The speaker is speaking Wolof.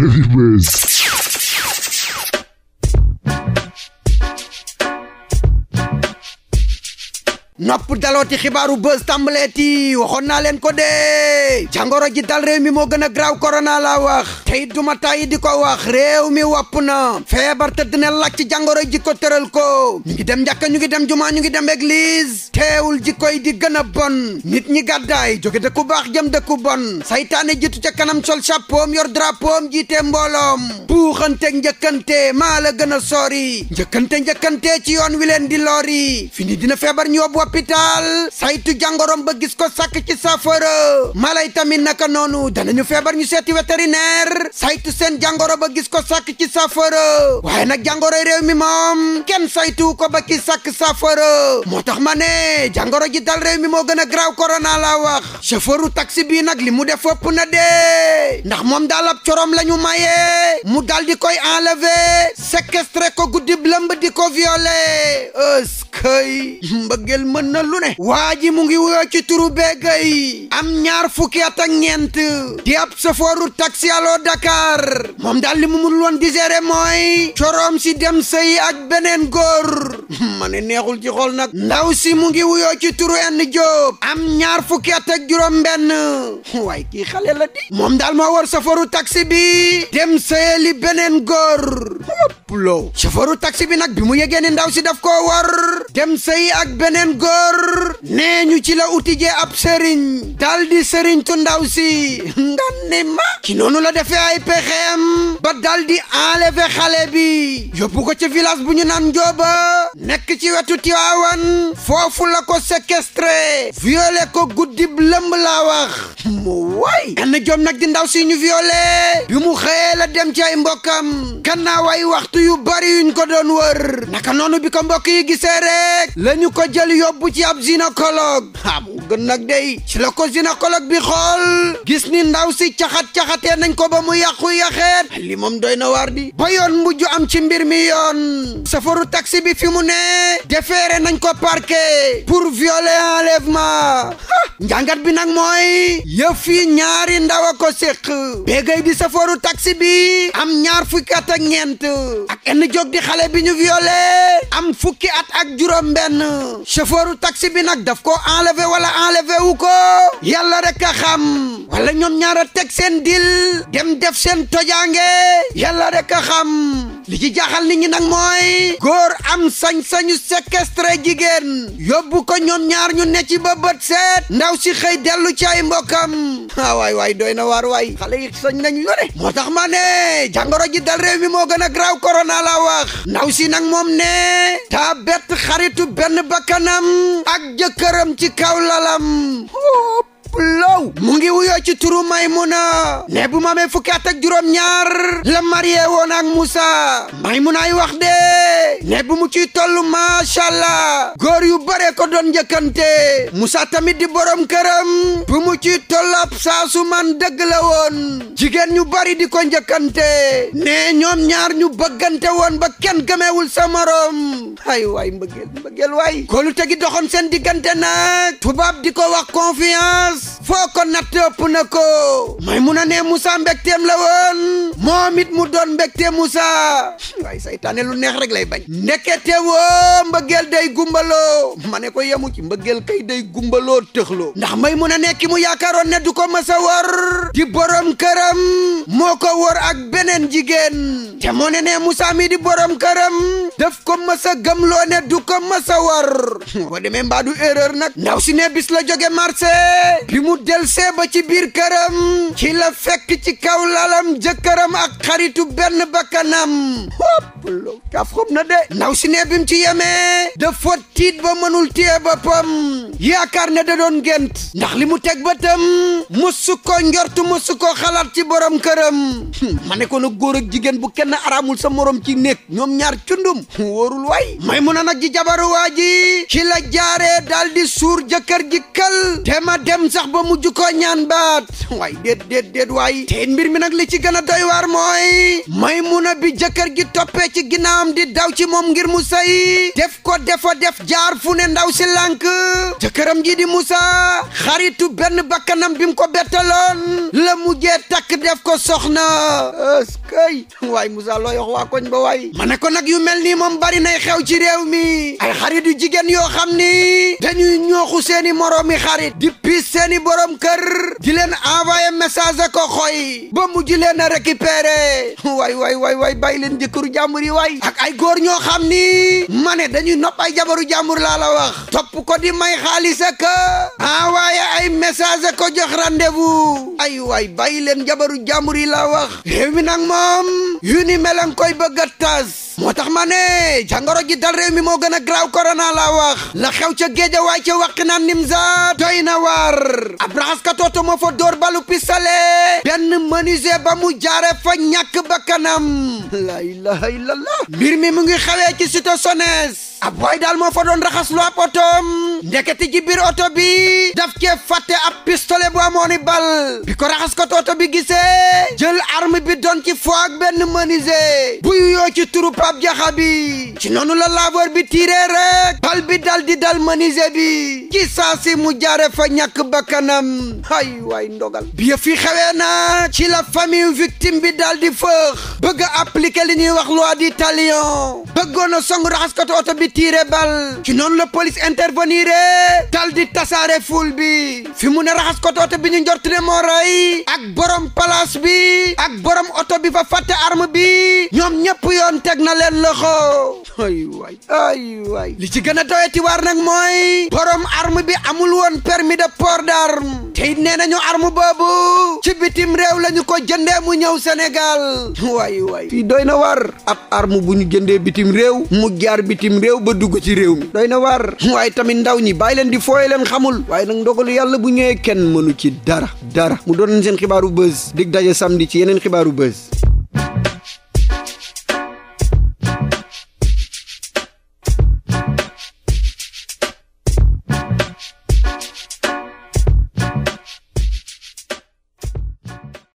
Heavyweights. nopp dalooti xibaaru buzz tàmbaleeti waxoon naa leen ko de jàngoro ji dal réew mi moo gën a graaw korona la wax tey duma tàyyi di ko wax réew mi wopp na feebar te dina laaj ci jàngoro ji ko tëral ko ñu ngi dem njàkka ñu ngi dem jumaa ñu ngi dem église teewul ji koy di gën a bon nit ñi gàddaay jóge dëkku baax jëm dëkku bon saytaane jitu ca kanam sol chapeau yor drapeau jiite mbooloom buuxante njëkkante maa la gën a sori njëkkante njëkkante ci yoon wi di lori fini feebar ñu hôpital saytu jàngoroom ba gis ko sàkk ci saafara mala yi tamit naka noonu ñu feebar ñu seeti vétérinaire saytu seen jàngoro ba gis ko sàkk ci saafara waaye nag jàngoro réew mi moom kenn saytu ko ba ci sàkk saafara moo tax ma ne jàngoro ji dal réew mi moo gën a graaw korona la wax chauffeuru taxi bii nag li mu de ëpp na de ndax moom daal ab corom la ñu mu daal di koy enlever séquestré ko guddi lëmb di ko violer ëskëy mën na lu ne waa ji mu ngi wuyoo ci turu Begay am ñaar fukki at ak ñeent di ab sofooru taxi alo Dakar moom daal li mu mul woon di gérer mooy coroom si dem sëy ak beneen góor ma ne neexul ci xol nag ndaw si mu ngi wuyoo ci turu enn Jóob am ñaar fukki at ak juróom benn waaye xale la di moom daal moo war sa sofooru taxi bi dem sëyali beneen góor complot chauffeuru taxi bi nag bi mu yegee ni ndaw si daf koo war dem sëy ak beneen góor nee ñu ci la utijee ab sëriñ daal di sëriñtu ndaw si ndan ni ma ci noonu la defee ay pexeem ba daal di enlever xale bi yóbbu ko ci village bu ñu naan Njooba nekk ci wetu Tiwaawan foofu la ko séquestré violé ko guddib lëmb laa wax mu waay Anna Diop nag di ndaw si ñu violé bi mu xëyee la dem ci ay kan kannaaw ay waxtu yu bari yuñ ko doon wër naka noonu bi ko mbokk yi gisee rek la ñu ko jël yóbbu ci ab gynécologue am gën nag day ci la ko gynécologue bi xool gis ni ndaw si caxat-caxatee nañ ko ba mu yàqu yaxeet li moom doy na waar di ba yoon am ci mbir mi yoon safaru taxi bi fi mu ne defeere nañ ko parquet pour viol enlèvement njàngat bi nag mooy yëf yi ñaari ndaw a ko séq béggay di safooru taxi bi am ñaar fukki at ak ak enn jóg di xale bi ñu am fukki at ak juróom benn chauffeuru taxi bi nag daf ko enlevé wala enlevé u ko yàlla rek a xam wala ñoom ñaar a teg seen dil dem def sen tojaange yàlla rek a xam li ci jaaxal nit ñi nag mooy góor am sañ-sañu séquestré jigéen yóbbu ko ñoom ñaar ñu ne ci ba bët seet ndaw si xëy dellu ci ay mbokkam ah waay doy na waar waay xale sañ nañ lu ne moo tax ma ne jàngoro ji dal réew mi moo gën a graaw korona laa ndaw si nag moom ne taa xaritu benn bakkanam ak jëkkëram ci kaw lalam Sow mu ngi wuyoo ci turu Maymuna ne bu ma amee fukki at ak juróom ñaar la marié woon ak ay Maymunaay wax de ne bu mu ciy toll macha allah góor yu bare ko doon njëkkante Moussa tamit di borom këram bu mu ciy toll ab saa su man dëgg la woon jigéen ñu bari di ko njëkkante ne ñoom ñaar ñu bëggante woon ba kenn gëmeewul sa morom ay waay mbëggeel mbëggeel waay kóolute gi doxoon seen diggante nag tubaab di ko wax confiance foo ko natt ëpp na ko may mun a ne Moussa mbégteem la woon moom it mu doon mbégte Moussa waaye saytaane lu neex rek lay bañ ndekete woo mbëggeel day gumbaloo ma ne ko yemu ci mbëggeel kay day gumbaloo tëxloo ndax may mun a ne ki mu yaakaaroon ne du ko mës a wor di borom këram moo ko wor ak beneen jigéen te moo ne ne Moussa mi di borom këram daf ko mës a gëmloo ne du ko mës wor boo demee mbaa du erreur ndaw si ne bis la jóge marché bi mu mu delsee ba ci biir këram ci la fekk ci kaw lalam jëkkëram ak xaritu benn bakkanam hopplo kaaf xob na de ndaw si ne bim ci yemee dafa tiit ba mënul téye boppam yaakaar ne da doon gént ndax li mu teg bëtam musu ko njortu musu ko xalaat ci borom këram ma ne ko na góor ak jigéen bu kenn araamul sa morom ci néeg ñoom ñaar cundum wóorul waay may mun a ji jabaru waa ji ci la suur jëkkër ji kal dema dem sax ba mujj ko ñaan baat waay déet déet déet waay te mbir mi nag li ci gën a doy waar mooy Maymuna bi jëkkër gi toppee ci ginnaawam di daw ci moom ngir mu sëy def ko defa def jaar fu ne ndaw si lànk jëkkëram ji di Moussa xaritu benn bakkanam bi mu ko bettaloon la mujjee takk def ko soxna eskay waay Moussa looy wax waa koñ ba waay ma ko nag yu mel nii moom bari nay xew ci réew mi ay xarit yu jigéen yoo xam ni dañuy ñooxu seeni moroomi xarit di piis seeni borom kër ji leen envoyé message a ko xoy ba mu ji way a way waay waay waay waay jëkkëru jàmbur yi waay ak ay góor ñoo xam ni mane dañuy nopp ay jabaru jàmbur lala la wax topp ko di may xaalis ak ay message ko jox rendez-vous ay waay bàyyi leen jabaru jàmbur yi laa wax réew mi yu ni mel koy bëgg a moo tax ma ne jàngoro ji dal mi moo gën a graaw korona laa wax ca géejawaay ca wàqi naan nim sa doy na war ab raxaskatooto moo fa dóor balu pisale benn menuisier ba mu jaare fa ñàkk bakkanam la ilaha illallah mbir mi mu ngi xawee ci cité Sonès ab waay daal moo fa doon raxas lu ab otoom ndekete ci biir oto bi daf cee fàtte ab pistolet bu amooni bal bi ko raxaskot oto bi gisee jël arme bi doon ci foog benn menuisier buy yoo ci turu Pape Diakha bi ci nonu la laveur bi tiiree rek bal bi dal di dal menuisier bi ci mu jaare fa ñàkk bakkanam ay waay ndogal bi yëf yi xewee na ci la famille victime bi dal di fëx bëgg a appliquer li ñuy wax loi di talion bëggoon a song raxaskatu oto bi tiire bal ci noonu la police interveni dal di tasaare ful bi fi mu ne raxaskatu oto bi ñu njort ne moo rey ak borom palaas bi ak borom oto bi fa fàtte arme bi ñoom ñëpp yoon teg na leen loxo ay waay ay waay li ci gën la doyati war nag mooy borom arme bi amul woon permis de port d'arme te it nee nañu arme boobu ci bitim réew lañu ko jëndee mu ñëw senegal waay waay fii doy na war ab arme bu ñu jëndee bitim réew mu jaar bitim réew ba dugg ci réew mi doy na war waaye tamit ndaw ñi bay leen di fooye leen xamul waaye nag ndogalu yàlla bu ñëwee kenn mënu ci dara dara mu doon seen xibaaru buzz dig daje samedi ci yeneen xibaaru buzz